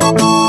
thank you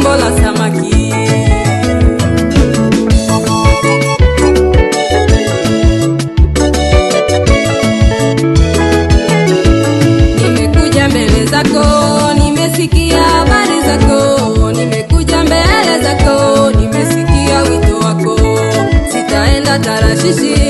tumbo la samaki. Nimekuja mbele zako, nimesikia habari zako, nimekuja mbele zako, nimesikia wito wako, sitaenda Tarashishi.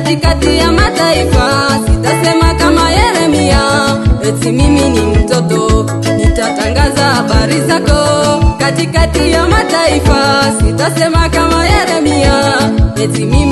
katikati ya mataifa. Sitasema kama Yeremia, eti mimi ni mtoto, nitatangaza habari zako katikati ya mataifa. Sitasema kama Yeremia, eti mimi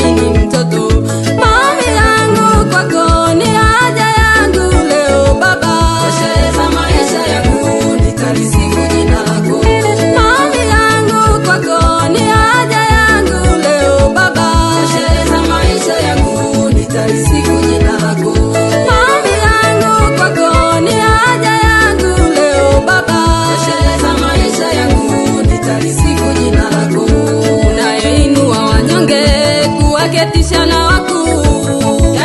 Hadisi ya wakuu